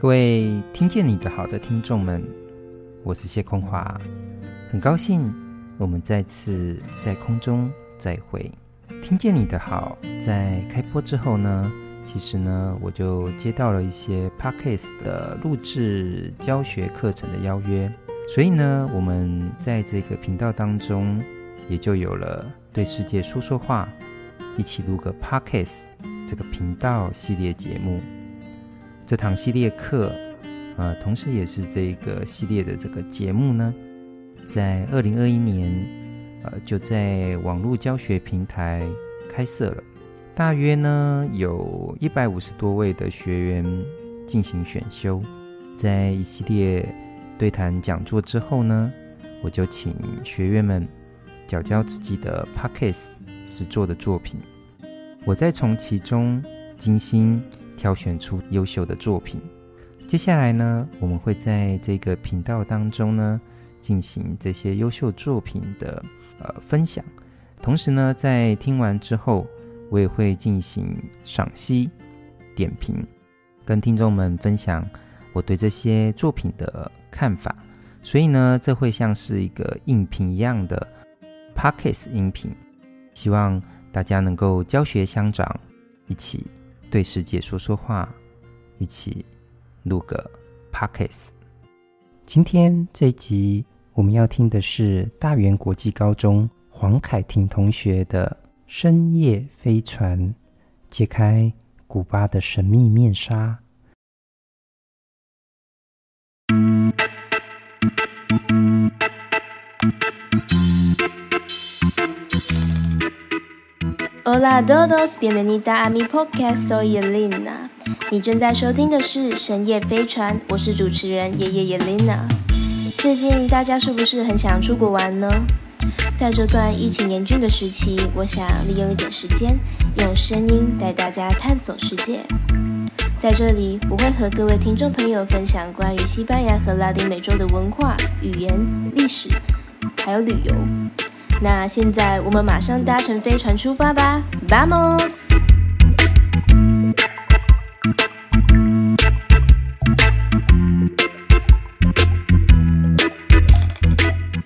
各位聽見你的好的聽眾們，我是解昆樺，很高興我們再次在空中再會。聽見你的好，在開播之後呢，其實呢我就接到了一些 Podcast 的錄製教學課程的邀約，所以呢我們在這個頻道當中也就有了對世界說說話，一起錄個 Podcast 這個頻道系列節目。這堂系列課，呃，同時也是這個系列的這個節目呢，在二零二一年，呃，就在網絡教學平台開設了，大約呢有一百五十多位的學員進行選修，在一系列對談講座之後呢，我就請學員們繳交自己的 Podcast 製作的作品，我再從其中精心挑選出優秀的作品，接下來呢，我們會在這個頻道當中呢，進行這些優秀作品的呃分享，同時呢，在聽完之後，我也會進行賞析點評，跟聽眾們分享我對這些作品的看法。所以呢，這會像是一個音頻一樣的 Podcast 音頻，希望大家能夠教學相長，一起。對世界說說話，一起錄個 Podcast。今天這一集我們要聽的是大園國際高中黃楷婷同學的《聲夜飛船》，揭開古巴的神秘面紗。嗯 Hola, todos. Bienvenidos a mi podcast, soy Elena. 你正在收聽的是《聲夜飛船》，我是主持人爺爺 Elena。最近大家是不是很想出國玩呢？在這段疫情嚴峻的時期，我想利用一點時間，用聲音帶大家探索世界。在這裡，我會和各位聽眾朋友分享關於西班牙和拉丁美洲的文化、語言、歷史，還有旅遊。那現在我們馬上搭乘飛船出發吧，巴莫斯。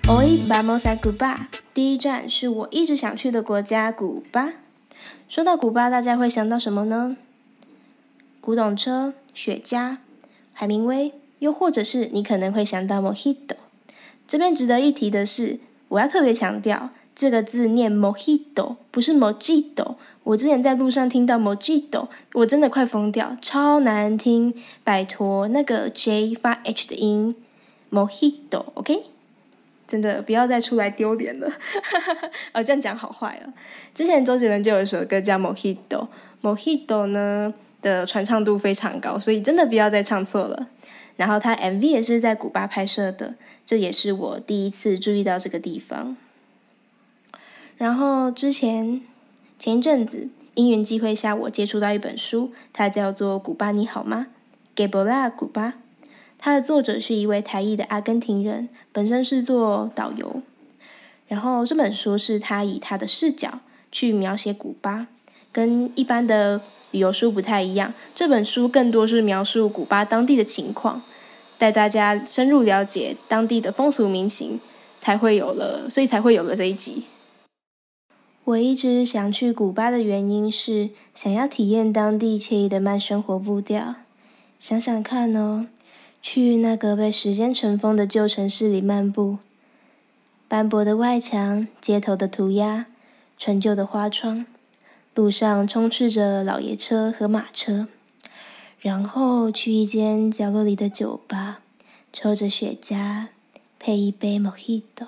Oy, vamos a Cuba。第一站是我一直想去的國家——古巴。說到古巴，大家會想到什麼呢？古董車、雪茄、海明威，又或者是你可能會想到莫吉托。這邊值得一提的是，我要特別強調，這個字念 Mojito，不是 Mojito。我之前在路上聽到 Mojito，我真的快瘋掉，超難聽，拜托那個 J 發 H 的音，Mojito。Mojito, OK，真的不要再出來丟臉了，哈哈哈哦，這樣講好壞了。之前周杰倫就有一首歌叫 Mojito，Mojito Mo 呢的傳唱度非常高，所以真的不要再唱錯了。然後他 MV 也是在古巴拍攝的，這也是我第一次注意到這個地方。然後之前前一陣子因緣際會下，我接觸到一本書，它叫做《古巴你好嗎》，給伯拉古巴。它的作者是一位台裔的阿根廷人，本身是做導遊。然後這本書是他以他的視角去描寫古巴，跟一般的。旅遊書不太一樣，這本書更多是描述古巴當地的情況，帶大家深入了解當地的風俗民情，才會有了，所以才會有了這一集。我一直想去古巴的原因是想要體驗當地愜意的慢生活步調。想想看哦，去那個被時間塵封的舊城市裡漫步，斑駁的外牆，街頭的塗鴉，陳舊的花窗。路上充斥着老爺車和馬車，然後去一間角落裡的酒吧，抽着雪茄，配一杯 Mojito，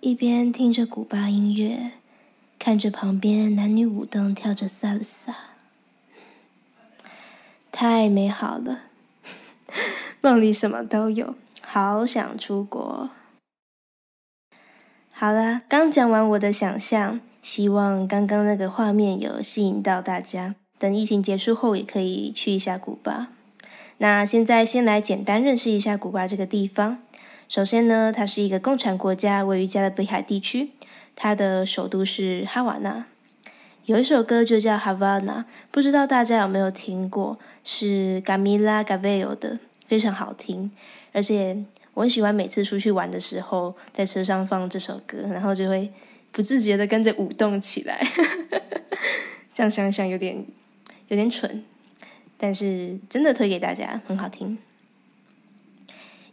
一邊聽着古巴音樂，看着旁邊男女舞動跳着薩爾薩，太美好了。 夢裡什麼都有，好想出國。好了，剛講完我的想象。希望剛剛那個畫面有吸引到大家。等疫情結束後，也可以去一下古巴。那現在先來簡單認識一下古巴這個地方。首先呢，它是一個共產國家，位於加勒比海地區。它的首都是哈瓦那。有一首歌就叫《哈瓦那》，不知道大家有沒有聽過？是 Camila Cabello 的，非常好聽。而且我很喜歡每次出去玩的時候，在車上放這首歌，然後就會。不自覺的跟着舞動起來， 這樣想想有點有點蠢，但是真的推給大家很好聽。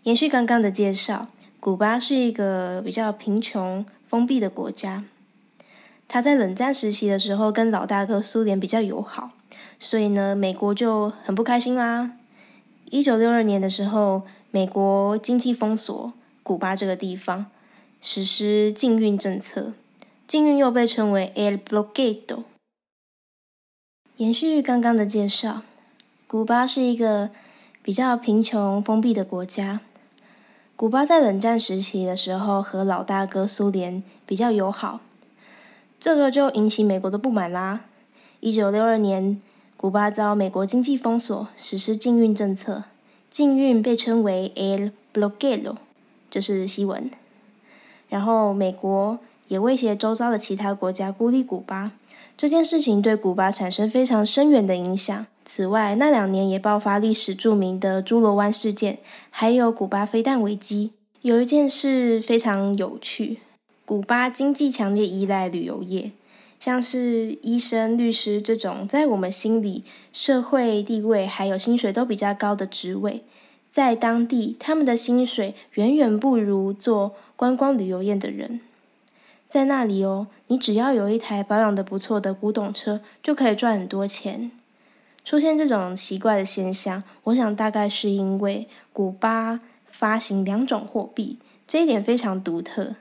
延續剛剛的介紹，古巴是一個比較貧窮封閉的國家，他在冷戰時期的時候跟老大哥蘇聯比較友好，所以呢，美國就很不開心啦。一九六二年的時候，美國經濟封鎖古巴這個地方，實施禁運政策。禁運又被稱為 el bloqueo。延續剛剛的介紹，古巴是一個比較貧窮封閉的國家。古巴在冷戰時期的時候和老大哥蘇聯比較友好，這個就引起美國的不滿啦。一九六二年，古巴遭美國經濟封鎖，實施禁運政策。禁運被稱為 el bloqueo，就是西文。然後美國。也威脅周遭的其他國家孤立古巴，這件事情對古巴產生非常深遠的影響。此外，那兩年也爆發歷史著名的豬玀灣事件，還有古巴飛彈危機。有一件事非常有趣，古巴經濟強烈依賴旅遊業，像是醫生、律師這種在我們心裡社會地位還有薪水都比較高的職位，在當地他們的薪水遠遠不如做觀光旅遊業的人。在那裡哦，你只要有一台保養得不錯的古董車，就可以賺很多錢。出現這種奇怪的現象，我想大概是因為古巴發行兩種貨幣，這一點非常獨特。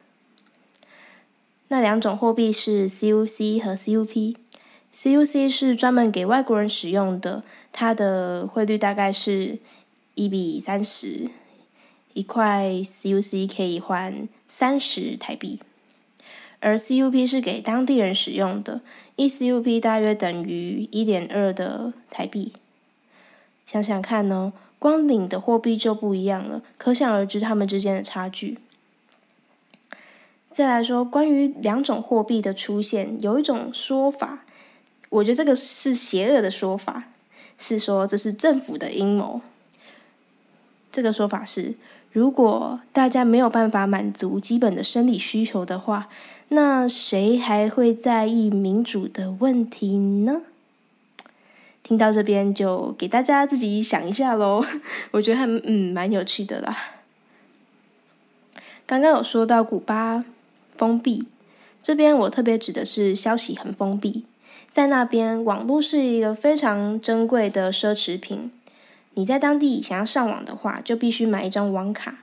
那兩種貨幣是 CUC 和 CUP，CUC 是專門給外國人使用的，它的匯率大概是一比三十，一塊 CUC 可以換三十台幣。而 CUP 是給當地人使用的，一 CUP 大約等於一點二的台幣。想想看哦，光領的貨幣就不一樣了，可想而知他們之間的差距。再來說，關於兩種貨幣的出現，有一種說法，我覺得這個是邪惡的說法，是說這是政府的陰謀。這個說法是，如果大家沒有辦法滿足基本的生理需求的話，那誰還會在意民主的問題呢？聽到這邊就給大家自己想一下嘍。我覺得還嗯蠻有趣的啦。剛剛有說到古巴封閉，這邊我特別指的是消息很封閉，在那邊網絡是一個非常珍貴的奢侈品。你在當地想要上網的話，就必須買一張網卡，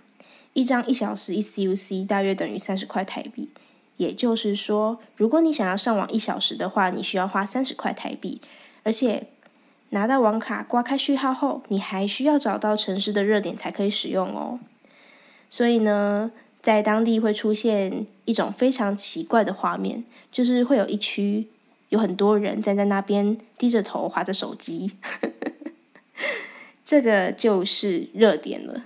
一張一小時一 CUC，大約等於三十塊台幣。也就是說，如果你想要上網一小時的話，你需要花三十塊台幣。而且，拿到網卡、刮開序號後，你還需要找到城市的熱點才可以使用哦。所以呢，在當地會出現一種非常奇怪的畫面，就是會有一區有很多人站在那邊低着頭滑著手機。 這個就是熱點了。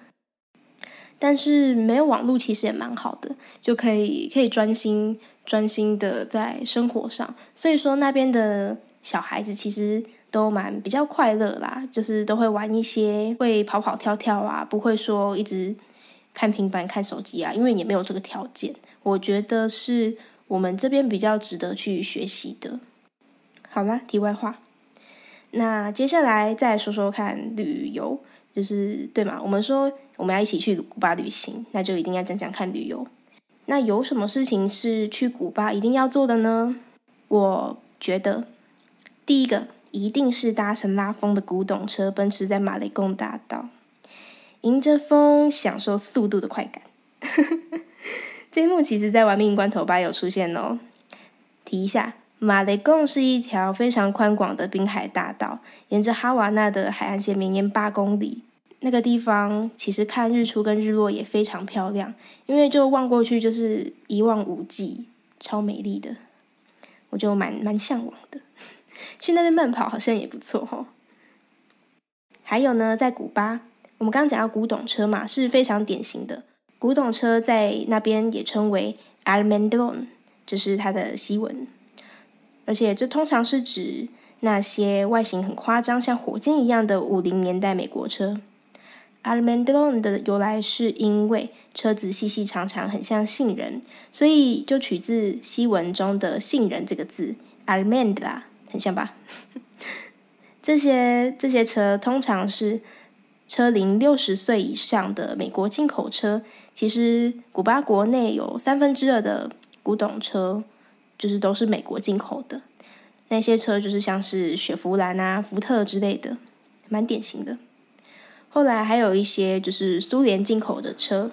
但是沒有網路其實也蠻好的，就可以可以專心專心的在生活上，所以說那邊的小孩子其實都蠻比較快樂啦，就是都會玩一些會跑跑跳跳啊，不會說一直看平板看手機啊，因為也沒有這個條件。我覺得是我們這邊比較值得去學習的。好啦，題外話，那接下來再來說說看旅遊。就是對嘛，我們說我們要一起去古巴旅行，那就一定要講講看旅遊。那有什麼事情是去古巴一定要做的呢？我覺得第一個一定是搭乘拉風的古董車奔馳在馬雷貢大道，迎着風享受速度的快感。 這一幕其實，在《玩命關頭》八，有出現哦，提一下。馬雷貢是一條非常寬廣的濱海大道，沿着哈瓦那的海岸線綿延八公里。那個地方其實看日出跟日落也非常漂亮，因為就望過去就是一望無際，超美麗的。我就蠻蠻嚮往的。 去那邊慢跑好像也不錯哦。還有呢，在古巴，我們剛剛講到古董車嘛，是非常典型的古董車，在那邊也稱為 Almendrón，就是它的西文。而且這通常是指那些外形很誇張、像火箭一樣的五零年代美國車。Almendrón 的由來是因為車子細細長長，很像杏仁，所以就取自西文中的“杏仁”這個字。Almendra，很像吧？ 這些這些車通常是車齡六十歲以上的美國進口車。其實古巴國內有三分之二的古董車。就是都是美國進口的那些車，就是像是雪佛蘭啊、福特之類的，蠻典型的。後來還有一些就是蘇聯進口的車，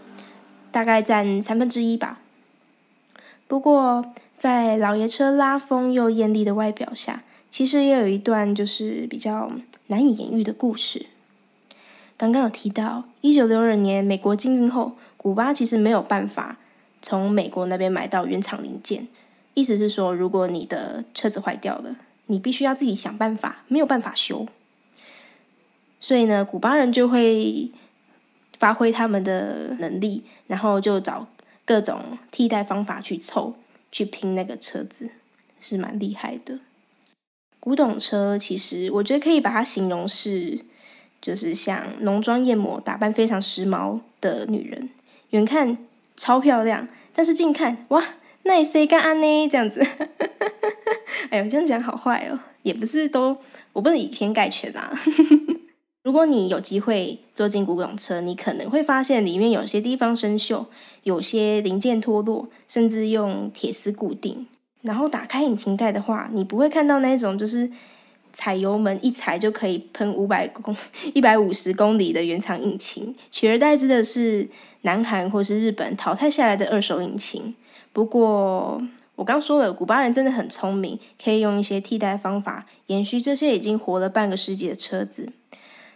大概佔三分之一吧。不過，在老爺車拉風又艷麗的外表下，其實也有一段就是比較難以言喻的故事。剛剛有提到，一九六二年美國禁運後，古巴其實沒有辦法從美國那邊買到原廠零件。意思是說，如果你的車子壞掉了，你必須要自己想辦法，沒有辦法修。所以呢，古巴人就會發揮他們的能力，然後就找各種替代方法去湊、去拼那個車子，是蠻厲害的。古董車其實，我覺得可以把它形容是，就是像濃妝艷抹、打扮非常時髦的女人，遠看超漂亮，但是近看哇。那誰幹啊呢？這樣，這樣子，哎喲，這樣講好壞哦，也不是都，我不能以偏概全啊。 如果你有機會坐進古董車，你可能會發現裡面有些地方生銹，有些零件脫落，甚至用鐵絲固定。然後打開引擎蓋的話，你不會看到那種就是踩油門一踩就可以噴五百公、一百五十公里的原廠引擎，取而代之的是。南韓或是日本淘汰下來的二手引擎，不過我剛說了，古巴人真的很聰明，可以用一些替代方法延續這些已經活了半個世紀的車子。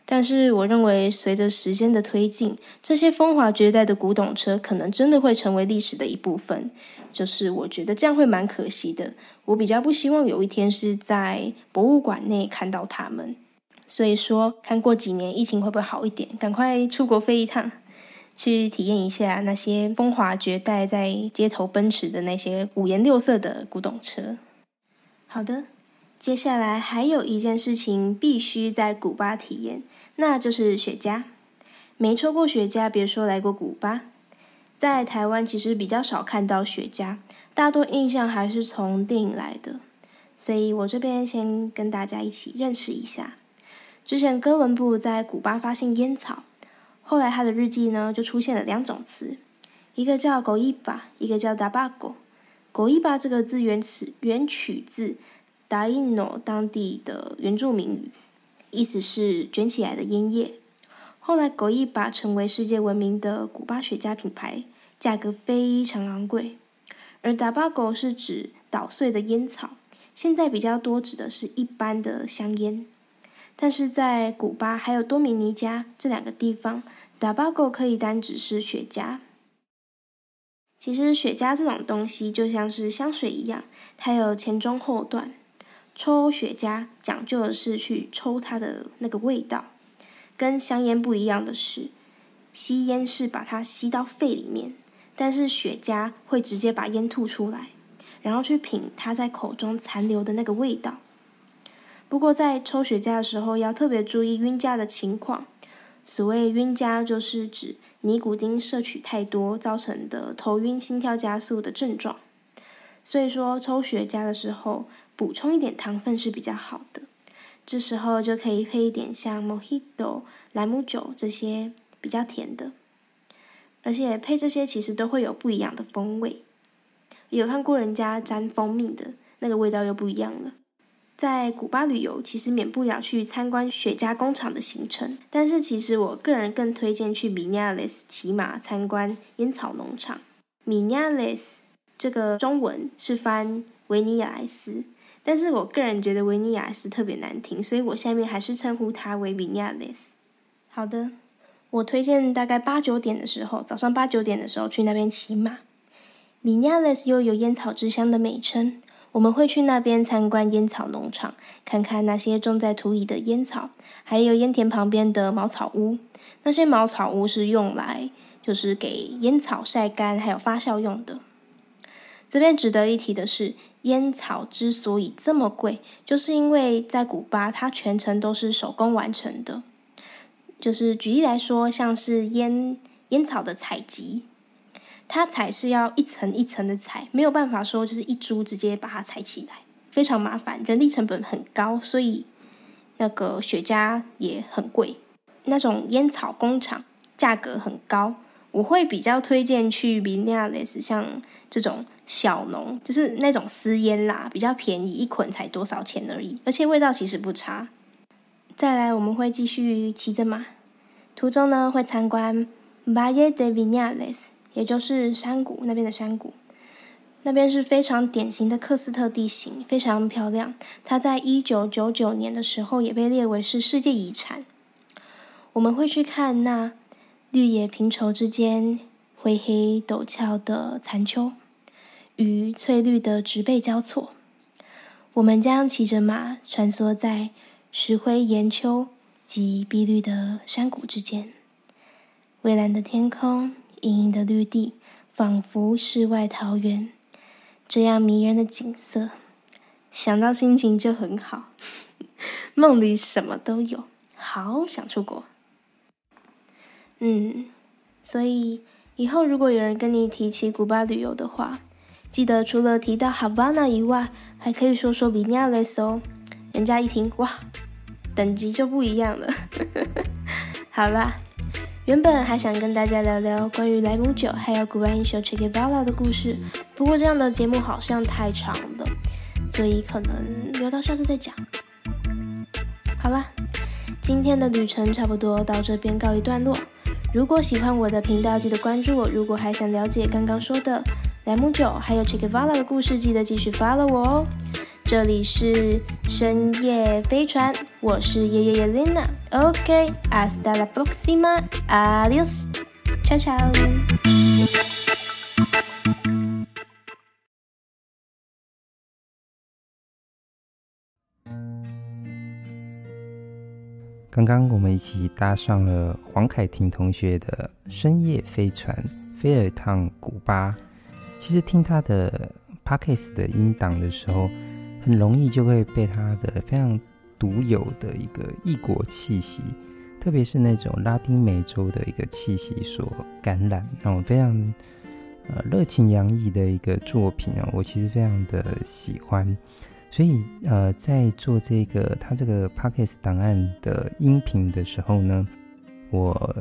但是我認為，隨着時間的推進，這些風華絕代的古董車可能真的會成為歷史的一部分。就是我覺得這樣會蠻可惜的，我比較不希望有一天是在博物館內看到他們。所以說，看過幾年疫情會不會好一點，趕快出國飛一趟。去體驗一下那些風華絕代、在街頭奔馳的那些五顏六色的古董車。好的，接下來還有一件事情必須在古巴體驗，那就是雪茄。沒抽過雪茄，別說來過古巴。在台灣其實比較少看到雪茄，大多印象還是從電影來的，所以我這邊先跟大家一起認識一下。之前哥倫布在古巴發現煙草。後來他的日記呢，就出現了兩種詞，一個叫“狗一巴”，一個叫“打巴狗”。“狗一巴”這個字原詞原取自“達因諾”當地的原住民語，意思是捲起來的煙葉。後來“狗一巴”成為世界聞名的古巴雪茄品牌，價格非常昂貴。而“打巴狗”是指搗碎的煙草，現在比較多指的是一般的香煙。但是在古巴還有多米尼加這兩個地方，tabaco 可以單指是雪茄。其實雪茄這種東西就像是香水一樣，它有前中後段。抽雪茄講究的是去抽它的那個味道，跟香菸不一樣的是，吸菸是把它吸到肺裡面，但是雪茄會直接把煙吐出來，然後去品它在口中殘留的那個味道。不過在抽雪茄的時候，要特別注意暈茄的情況。所謂暈茄，就是指尼古丁攝取太多造成的頭暈、心跳加速的症狀。所以說抽雪茄的時候，補充一點糖分是比較好的。這時候就可以配一點像 Mojito 蘭姆酒，這些比較甜的，而且配這些其實都會有不一樣的風味。有看過人家沾蜂蜜的那個味道又不一樣了。在古巴旅遊，其實免不了去參觀雪茄工廠的行程。但是，其實我個人更推薦去米尼亞雷斯騎馬、參觀煙草農場。米尼亞雷斯這個中文是翻維尼亞雷斯，但是我個人覺得維尼亞雷斯特別難聽，所以我下面還是稱呼它為米尼亞雷斯。好的，我推薦大概八九點的時候，早上八九點的時候去那邊騎馬。米尼亞雷斯又有煙草之鄉的美稱。我們會去那邊參觀煙草農場，看看那些種在土裡的煙草，還有煙田旁邊的茅草屋。那些茅草屋是用來，就是給煙草曬乾還有發酵用的。這邊值得一提的是，煙草之所以這麼貴，就是因為在古巴，它全程都是手工完成的。就是舉例來說，像是煙煙草的採集。它踩是要一層一層的踩，沒有辦法說就是一株直接把它踩起來，非常麻煩，人力成本很高，所以那個雪茄也很貴。那種煙草工廠價格很高，我會比較推薦去 Viñales，像這種小農，就是那種私煙啦，比較便宜，一捆才多少錢而已，而且味道其實不差。再來，我們會繼續騎着馬，途中呢會參觀 Valle de Viñales 也就是山谷那邊的山谷，那邊是非常典型的喀斯特地形，非常漂亮。它在一九九九年的時候也被列為是世界遺產。我們會去看那綠野平疇之間灰黑陡峭的殘丘與翠綠的植被交錯，我們將騎着馬穿梭在石灰岩丘及碧綠的山谷之間，蔚藍的天空。茵茵的綠地，仿佛世外桃源。這樣迷人的景色，想到心情就很好。 夢裡什麼都有，好想出國。嗯，所以以後如果有人跟你提起古巴旅遊的話，記得除了提到哈瓦那以外，還可以說說比尼亞雷斯哦。人家一聽哇，等級就不一樣了。 好吧。原本還想跟大家聊聊關於萊姆酒還有古巴英雄 Che Guevara 的故事，不過這樣的節目好像太長了，所以可能留到下次再講。好啦，今天的旅程差不多到這邊告一段落。如果喜歡我的頻道，記得關注我；如果還想了解剛剛說的萊姆酒還有 Che Guevara 的故事，記得繼續 follow 我哦。這裡是聲夜飛船，我是夜夜夜琳娜。Okay, hasta la próxima，Adiós，ciao ciao。剛剛我們一起搭上了黃楷婷同學的聲夜飛船，飛了一趟古巴。其實聽他的 Podcast 的音檔的時候，很容易就會被他的非常獨有的一個異國氣息，特別是那種拉丁美洲的一個氣息所感染。讓、哦、我非常呃熱情洋溢的一個作品啊、哦，我其實非常的喜歡。所以呃，在做這個他這個 podcast 檔案的音頻的時候呢，我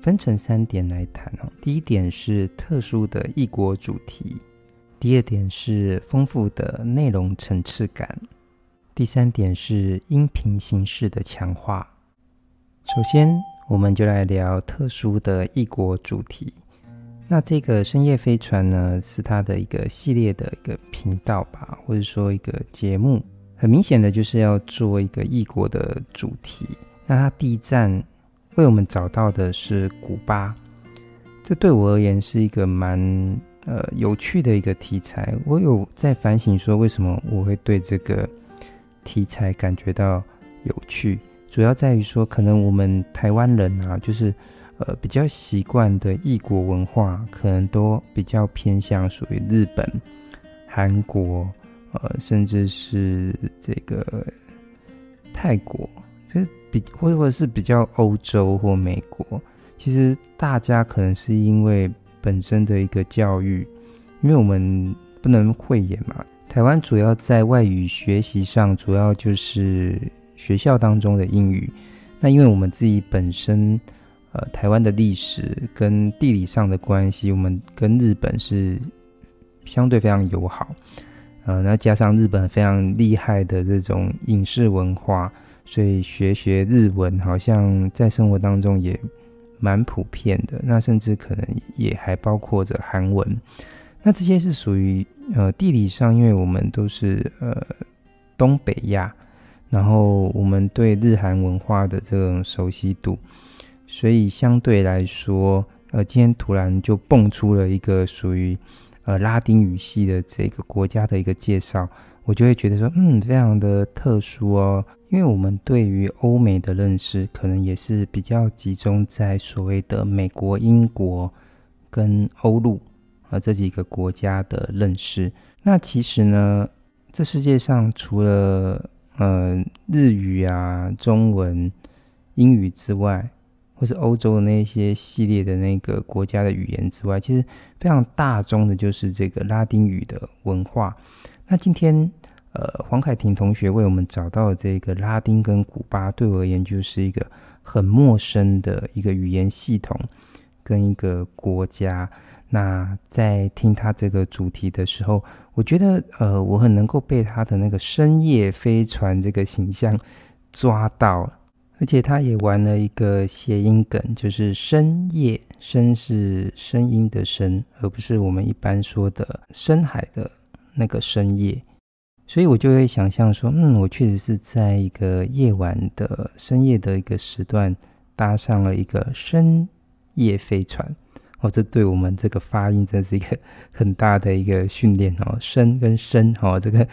分成三點來談哦。第一點是特殊的異國主題。第二點是豐富的內容層次感，第三點是音頻形式的強化。首先，我們就來聊特殊的異國主題。那這個聲夜飛船呢，是它的一個系列的一個頻道吧，或者說一個節目。很明顯的就是要做一個異國的主題。那它第一站為我們找到的是古巴，這對我而言是一個蠻呃，有趣的一個題材，我有在反省說，為什麼我會對這個題材感覺到有趣？主要在於說，可能我們台灣人啊，就是呃比較習慣的異國文化，可能都比較偏向屬於日本、韓國，呃甚至是這個泰國，就是比或者或者是比較歐洲或美國。其實大家可能是因為。本身的一個教育，因為我們不能諱言嘛。台灣主要在外語學習上，主要就是學校當中的英語。那因為我們自己本身，呃，台灣的歷史跟地理上的關係，我們跟日本是相對非常友好。呃，那加上日本非常厲害的這種影視文化，所以學學日文，好像在生活當中也蠻普遍的，那甚至可能也還包括着韓文。那這些是屬於呃地理上，因為我們都是呃東北亞，然後我們對日韓文化的這種熟悉度，所以相對來說，呃今天突然就蹦出了一個屬於呃拉丁語系的這個國家的一個介紹。我就會覺得說，嗯，非常的特殊哦，因為我們對於歐美的認識，可能也是比較集中在所謂的美國、英國跟歐陸啊這幾個國家的認識。那其實呢，這世界上除了呃日語啊、中文、英語之外，或是歐洲的那些系列的那個國家的語言之外，其實非常大宗的，就是這個拉丁語的文化。那今天，呃，黃楷婷同學為我們找到的這個拉丁跟古巴，對我而言就是一個很陌生的一個語言系統跟一個國家。那在聽他這個主題的時候，我覺得，呃，我很能夠被他的那個聲夜飛船這個形象抓到。而且他也玩了一個諧音梗，就是聲夜，聲是聲音的聲，而不是我們一般說的深海的。那個深夜，所以我就會想象說，嗯，我確實是在一個夜晚的深夜的一個時段搭上了一個聲夜飛船。哦，這對我們這個發音真是一個很大的一個訓練哦，深跟聲哦，這個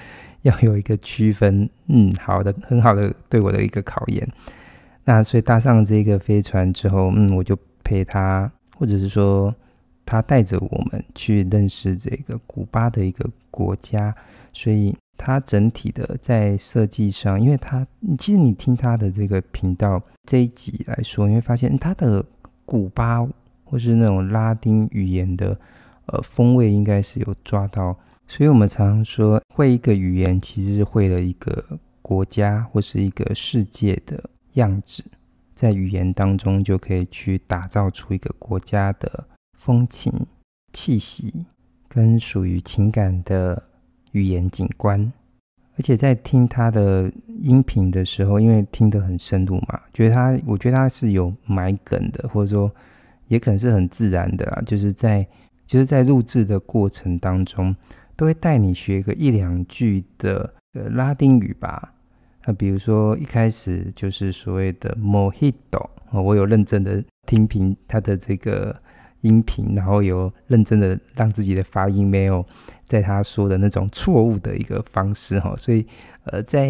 要有一個區分。嗯，好的，很好的對我的一個考驗。那所以搭上這個飛船之後，嗯，我就陪他，或者是說。他帶着我們去認識這個古巴的一個國家，所以他整體的在設計上，因為他，其實你聽他的這個頻道這一集來說，你會發現他的古巴或是那種拉丁語言的呃風味，應該是有抓到。所以我們常常說，會一個語言其實是會了一個國家或是一個世界的樣子，在語言當中就可以去打造出一個國家的。風情氣息跟屬於情感的語言景觀，而且在聽他的音頻的時候，因為聽得很深入嘛，覺得他，我覺得他是有埋梗的，或者說也可能是很自然的啊，就是在就是在錄製的過程當中，都會帶你學個一兩句的、呃、拉丁語吧。那、啊、比如說一開始就是所謂的 Mojito、哦、我有認真的聽評他的這個音頻，然後有認真的讓自己的發音沒有在他說的那種錯誤的一個方式哈，所以呃，在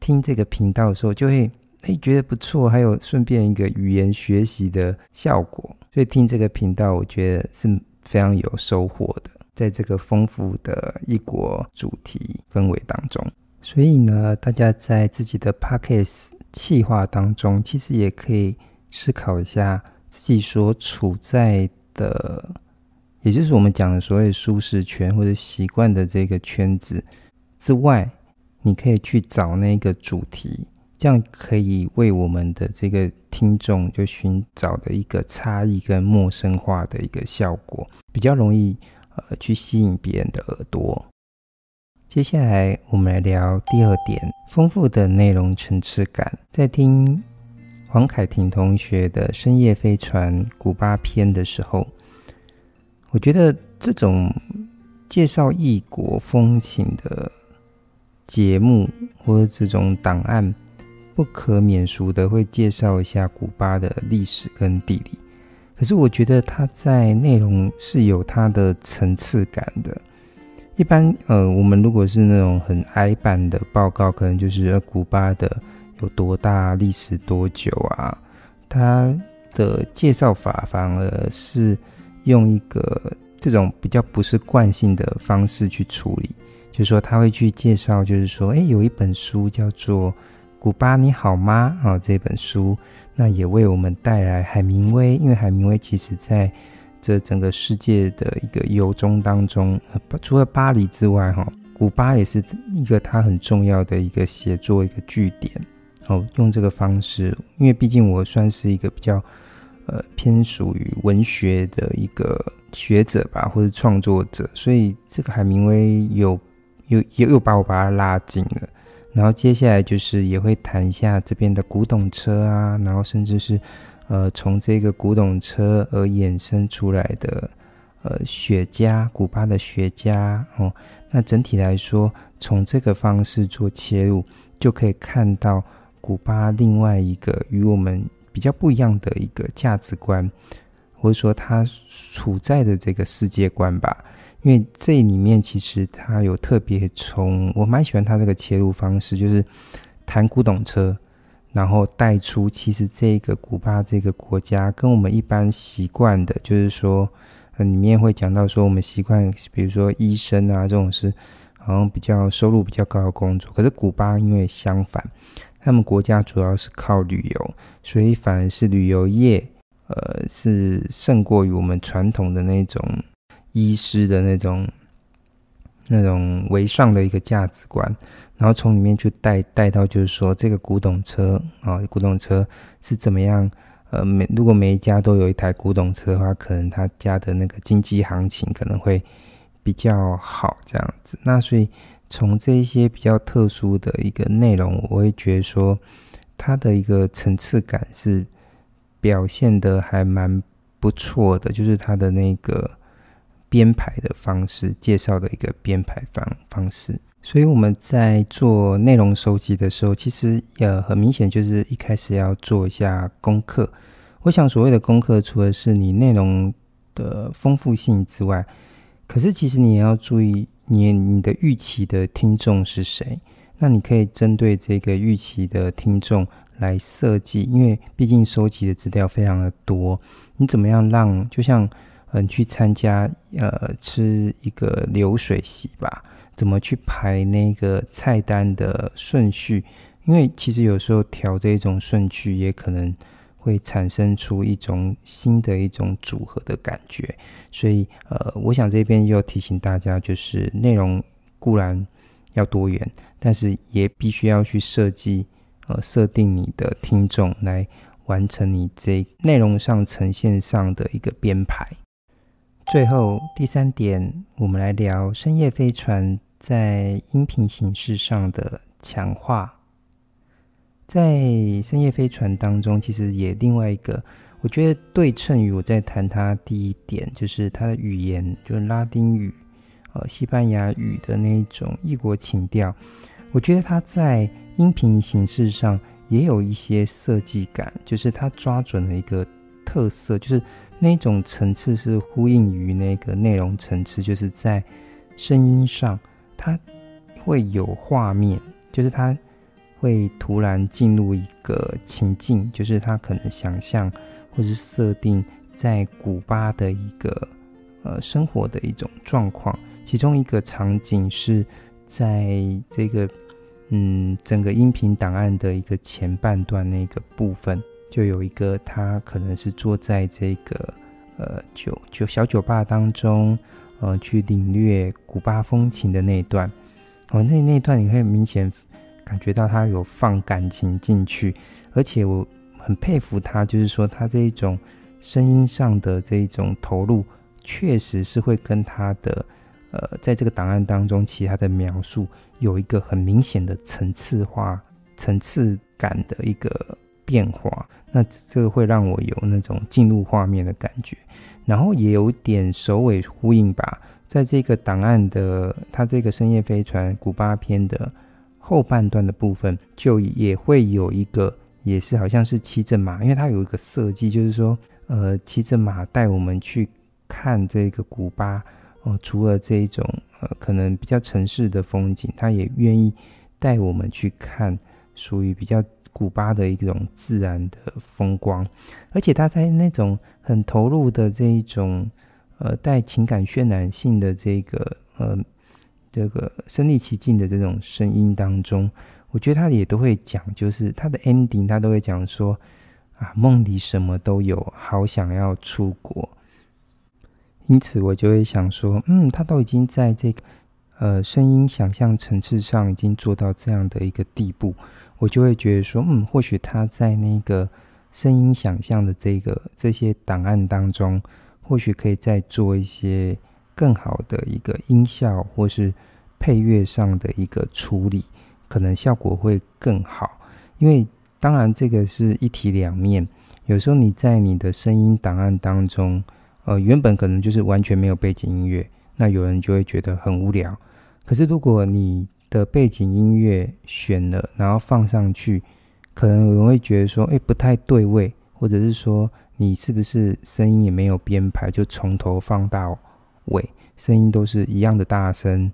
聽這個頻道的時候就會欸覺得不錯，還有順便一個語言學習的效果，所以聽這個頻道我覺得是非常有收穫的，在這個豐富的異國主題氛圍當中，所以呢，大家在自己的 Podcast 企劃當中，其實也可以思考一下。自己所處在的，也就是我們講的所謂舒適圈或者習慣的這個圈子之外，你可以去找那個主題，這樣可以為我們的這個聽眾就尋找的一個差異跟陌生化的一個效果，比較容易，呃，去吸引別人的耳朵。接下來我們來聊第二點，豐富的內容層次感，在聽。黃楷婷同學的《聲夜飛船》古巴篇的時候，我覺得這種介紹異國風情的節目或者這種檔案，不可免俗的會介紹一下古巴的歷史跟地理。可是我覺得它在內容是有它的層次感的。一般呃，我們如果是那種很矮板的報告，可能就是古巴的。有多大歷史多久啊？他的介紹法反而是用一個這種比較不是慣性的方式去處理，就是說他會去介紹，就是說，誒，有一本書叫做《古巴你好嗎》啊，這本書，那也為我們帶來海明威，因為海明威其實在這整個世界的一個遊蹤當中，除了巴黎之外，哈，古巴也是一個他很重要的一個寫作一個據點。哦，用這個方式，因為畢竟我算是一個比較，呃，偏屬於文學的一個學者吧，或者創作者，所以這個海明威有，有，有，又把我把它拉近了。然後接下來就是也會談一下這邊的古董車啊，然後甚至是，呃，從這個古董車而衍生出來的，呃，雪茄，古巴的雪茄。哦，那整體來說，從這個方式做切入，就可以看到。古巴另外一個與我們比較不一樣的一個價值觀，或者說他處在的這個世界觀吧。因為這裡面其實他有特別從，我蠻喜歡他這個切入方式，就是談古董車，然後帶出其實這個古巴這個國家跟我們一般習慣的，就是說裡面會講到說我們習慣，比如說醫生啊這種是好像比較收入比較高的工作，可是古巴因為相反。他們國家主要是靠旅遊，所以反而是旅遊業，呃，是勝過於我們傳統的那種醫師的那種那種為上的一個價值觀。然後從裡面就帶帶到，就是說這個古董車啊、哦，古董車是怎麼樣？呃，每如果每一家都有一台古董車的話，可能他家的那個經濟行情可能會比較好，這樣子。那所以。從這一些比較特殊的一個內容，我會覺得說，它的一個層次感是表現的還蠻不錯的，就是它的那個編排的方式，介紹的一個編排方方式。所以我們在做內容收集的時候，其實也很明顯就是一開始要做一下功課。我想所謂的功課，除了是你內容的豐富性之外，可是其實你也要注意。你你的預期的聽眾是誰？那你可以針對這個預期的聽眾來設計，因為畢竟收集的資料非常的多。你怎麼樣讓，就像嗯，去參加呃吃一個流水席吧，怎麼去排那個菜單的順序？因為其實有時候調這種順序也可能。會產生出一種新的一種組合的感覺，所以呃，我想這邊又提醒大家，就是內容固然要多元，但是也必須要去設計呃，設定你的聽眾來完成你這內容上呈現上的一個編排。最後第三點，我們來聊聲夜飛船在音頻形式上的強化。在《聲夜飛船》當中，其實也另外一個，我覺得對稱於我在談它第一點，就是它的語言，就是拉丁語，呃，西班牙語的那一種異國情調。我覺得它在音頻形式上也有一些設計感，就是它抓準了一個特色，就是那種層次是呼應於那個內容層次，就是在聲音上，它會有畫面，就是它。會突然進入一個情境，就是他可能想象或是設定在古巴的一個呃生活的一種狀況。其中一個場景是在這個嗯整個音頻檔案的一個前半段那個部分，就有一個他可能是坐在這個呃酒酒小酒吧當中，呃去領略古巴風情的那一段。哦，那那一段你會明顯。感覺到他有放感情進去，而且我很佩服他，就是說他這一種聲音上的這一種投入，確實是會跟他的，呃，在這個檔案當中其他的描述有一個很明顯的層次化、層次感的一個變化。那這個會讓我有那種進入畫面的感覺，然後也有點首尾呼應吧。在這個檔案的他這個聲夜飛船古巴篇的。後半段的部分就也會有一個，也是好像是騎着馬，因為它有一個設計，就是說，呃，騎着馬帶我們去看這個古巴。哦、呃，除了這一種呃，可能比較城市的風景，他也願意帶我們去看屬於比較古巴的一種自然的風光，而且他在那種很投入的這一種呃帶情感渲染性的這個呃。這個身歷其境的這種聲音當中，我覺得他也都會講，就是他的 ending，他都會講說：“啊，夢裡什麼都有，好想要出國。”因此，我就會想說：“嗯，他都已經在這個呃聲音想象層次上已經做到這樣的一個地步，我就會覺得說：嗯，或許他在那個聲音想象的這個這些檔案當中，或許可以再做一些。”更好的一個音效，或是配樂上的一個處理，可能效果會更好。因為當然這個是一體兩面，有時候你在你的聲音檔案當中，呃，原本可能就是完全沒有背景音樂，那有人就會覺得很無聊。可是如果你的背景音樂選了，然後放上去，可能有人會覺得說：“哎，不太對位。”或者是說你是不是聲音也沒有編排，就從頭放到。尾，聲音都是一樣的大聲，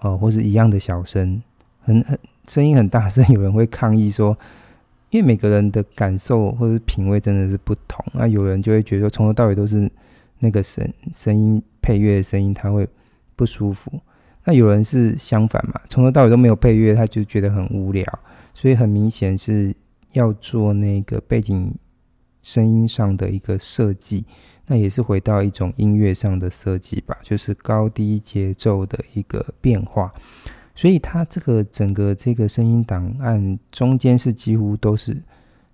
哦、呃，或是一樣的小聲，很很聲音很大聲。有人會抗議說，因為每個人的感受或者是品味真的是不同。那有人就會覺得說，從頭到尾都是那個聲聲音配樂的聲音，他會不舒服。那有人是相反嘛，從頭到尾都沒有配樂，他就覺得很無聊。所以很明顯是要做那個背景聲音上的一個設計。那也是回到一種音樂上的設計吧，就是高低節奏的一個變化，所以他這個整個這個聲音檔案中間是幾乎都是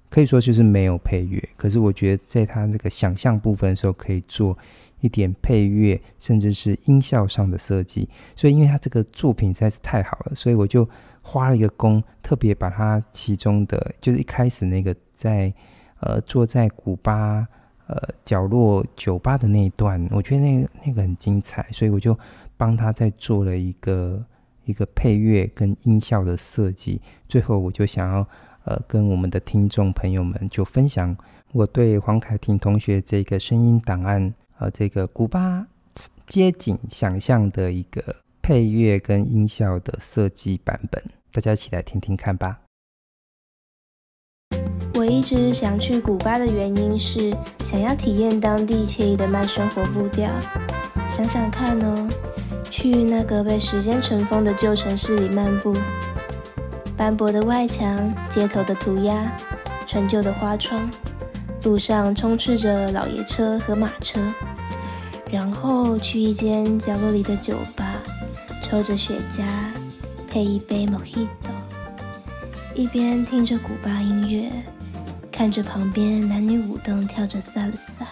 可以說就是沒有配樂，可是我覺得在他這個想象部分的時候可以做一點配樂，甚至是音效上的設計。所以因為他這個作品實在是太好了，所以我就花了一個工，特別把它其中的，就是一開始那個在，呃，坐在古巴。呃，角落酒吧的那一段，我覺得那個那個很精彩，所以我就幫他在做了一個一個配樂跟音效的設計。最後，我就想要呃跟我們的聽眾朋友們就分享我對黃楷婷同學這個聲音檔案和、呃、這個古巴街景想象的一個配樂跟音效的設計版本，大家一起來聽聽看吧。我一直想去古巴的原因是想要體驗當地愜意的慢生活步調。想想看哦，去那個被時間塵封的舊城市裡漫步，斑駁的外牆、街頭的塗鴉、陳舊的花窗，路上充斥着老爺車和馬車。然後去一間角落裡的酒吧，抽着雪茄，配一杯 Mojito，一邊聽着古巴音樂。看着旁邊男女舞動，跳着薩爾薩。